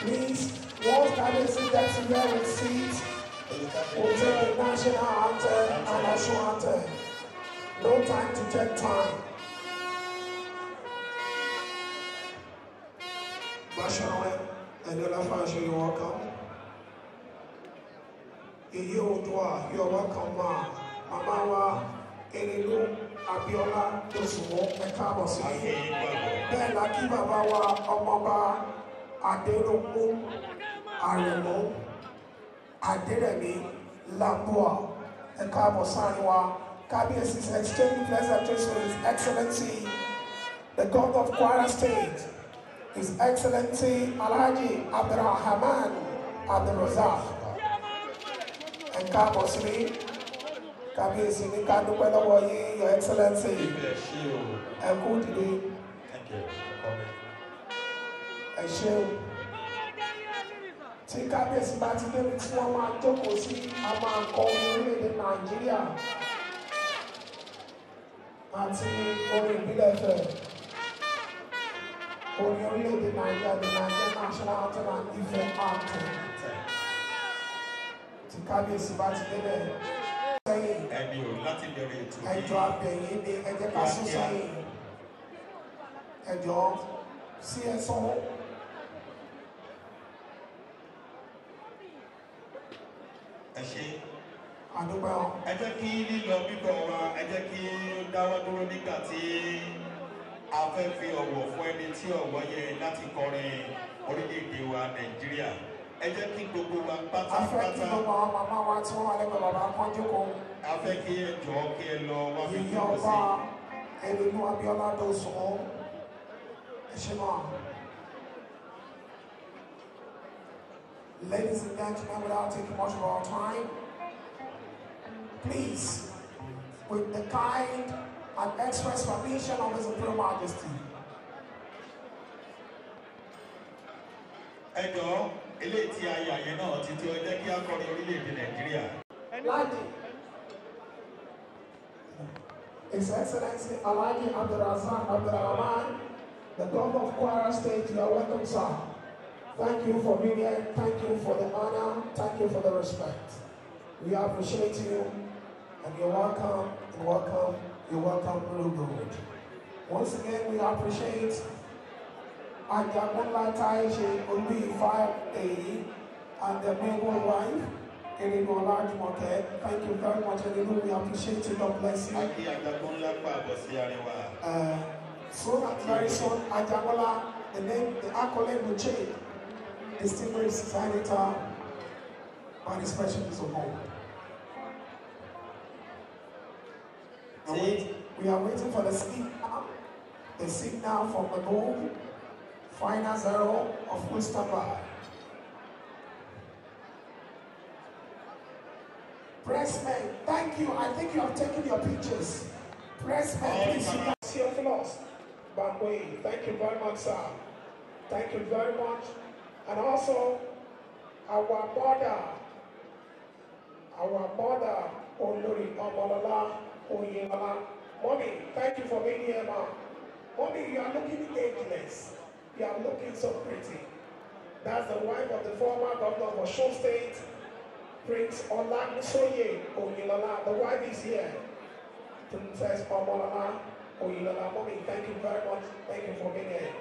Please, once Cabin sings that similar seats, we'll take the national anthem and national anthem. No time to take time. Bashawe, Enola Fashion, you're welcome. you're welcome, ma. Mama wa, Enilu, Abíọ́lá Dòsùnmọ́ ẹ káàbọ̀ Àrẹ̀mọ Lambua is extremely pleasant to his excellency the god of Kwara state his excellency Alhaji Abdulrahman Abdulrazak and káàbọ̀ kábíyèsí ní ká dúpẹ́ lọ́wọ́ yín your excellency ẹ kú dìde ẹ ṣé o tí kábíyèsí bá ti débi tí wọ́n máa jókòó sí a máa kọ orílẹ̀-èdè nàìjíríà àti orin ìbílẹ̀ fẹ̀ orin orílẹ̀-èdè nàìjíríà the Nigerian national anthem and Ife anthem tí kábíyèsí bá ti débẹ̀ ẹ̀mí o láti bẹ̀rẹ̀ ètò yìí. ẹjọ́ abẹ̀yìn ni ẹ jẹ́ ká sún sẹ́yìn ẹjọ́ sí ẹ sanwó. ẹ ṣe. àdúgbò. ẹ jẹ́ kí lílọ bíbọ̀ wa ẹ jẹ́ kí dáwọ́ dúró nígbà tí a fẹ́ fi ọ̀wọ̀ fún ẹni tí ọ̀wọ̀ yẹ láti kọrin orílẹ̀-èdè wa Nàìjíríà. kí gbogbo wa pátápátá. kí gbogbo àwọn màmá wa tí wọ́n wà bàbá kọ́jú kó. kí ẹ jọ kí ẹ lọ wá fi kí ọ sí. dọ̀ ẹ ṣe Ladies and gentlemen, without taking much of our time, please, with the kind and express permission of His Imperial Majesty. Ẹ eléyìí tí a yà yẹn náà títí jẹ́ kí a ní orílẹ̀-èdè Nàìjíríà. Láàjì His Excellency Alhaji Abdulrazak Abdulrahman, the Governor of Kwara State, you are welcome, sir. Thank you for being here. Thank you for the honor. Thank you for the respect. We appreciate you, and you're welcome. You're welcome. You're welcome, Blue Gold. Once again, we appreciate Àjàgúnlátà ṣe olú Ifá èyí and the maple wife large market. thank you very much Erinú we appreciate you God bless you. Akí Àjàgúnlá pàbọ̀ sí àríwá. Uh, so very soon Àjàgúnlá the name the accolade will change distinguished senator by the specialist of all. We are waiting for the signal, the signal from the board. Final zero of Mustafa. Pressman, thank you. I think you have taken your pictures. Pressman, please you can see your flaws. Bangwe, thank you very much, sir. Thank you very much. And also, our mother, our mother, Olori Omolola Oyinola. Mommy, thank you for being here, ma'am. Mommy, you are looking ageless. You are looking so pretty. That's the wife of the former governor of Osho State, Prince Olamisoye Oyinlola. The wife is here. Princess Oyinlola. Mommy, thank you very much. Thank you for being here.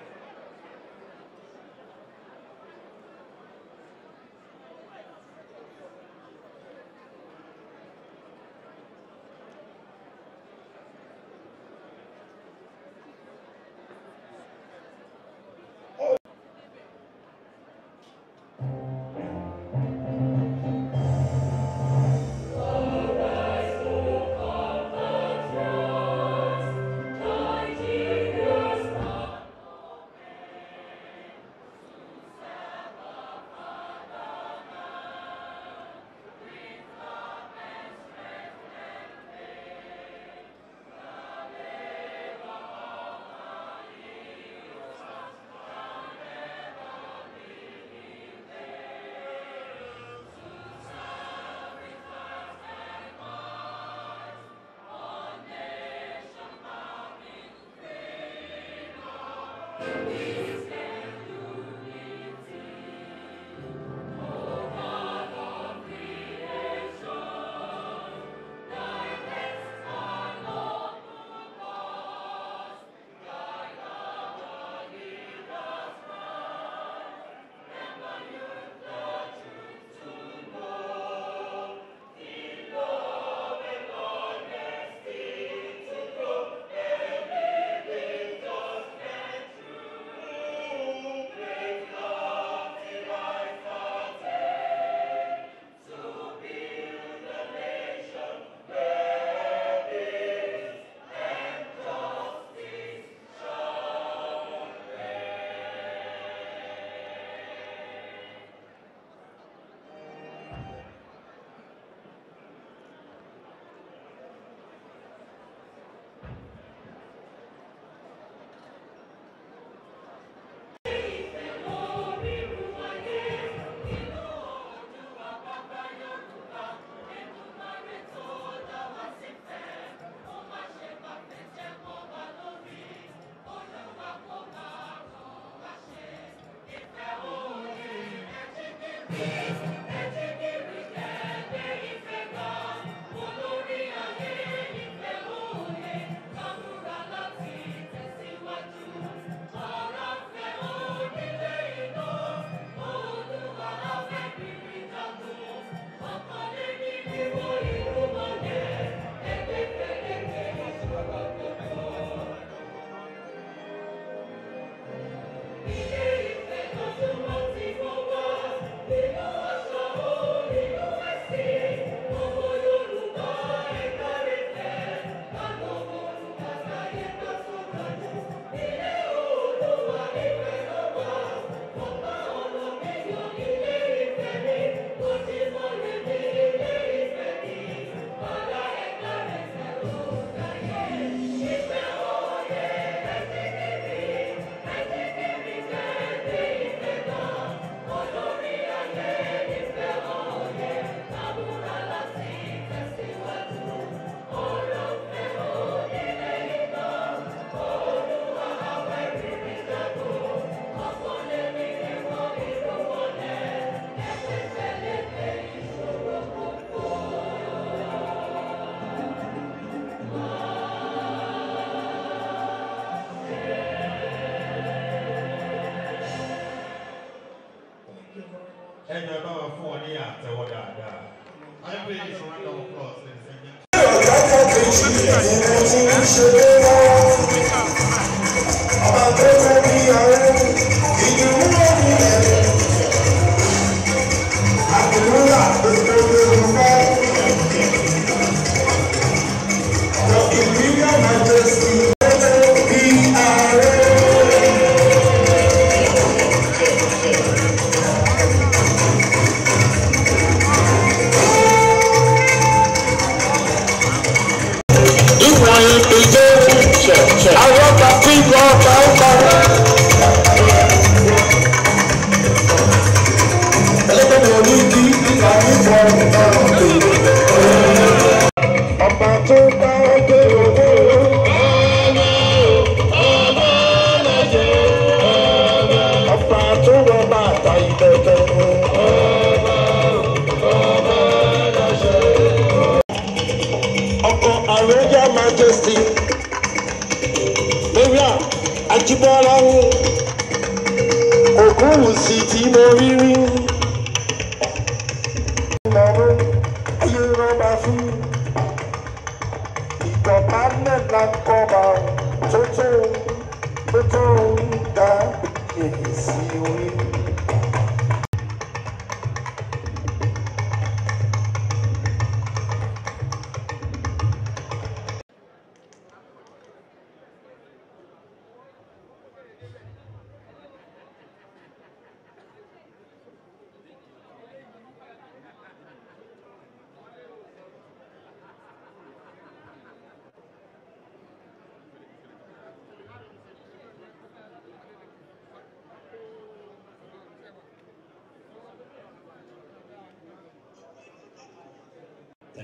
Ọba tó fẹ́ bí.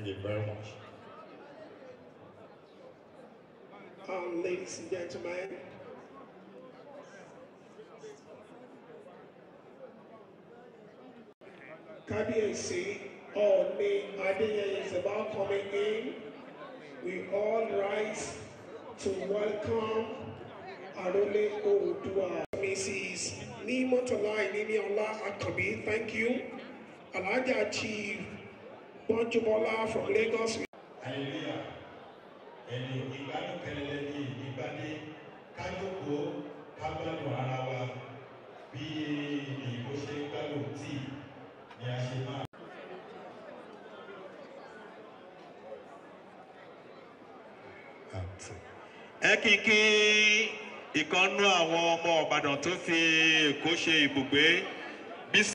Thank you very much. Um, ladies and gentlemen, KBAC or me, Adeye is about coming in. We all rise to welcome Arole Odua. Mrs. Nimo Tola Inimi Ola Akobi, thank you. And I achieve. Pọ́njúmọ́lá from Lagos. Àìríyà ẹ̀yìn ìgbádùn kẹlẹ́lẹ́ ní ìgbádé kájókòó kágbádùn ara wa bí ìbò ṣe gbádùn tíì ni a ṣe máa. ẹ kí kí ìkànnú àwọn ọmọ Ìbàdàn tó fi Èkó ṣe ibùgbé.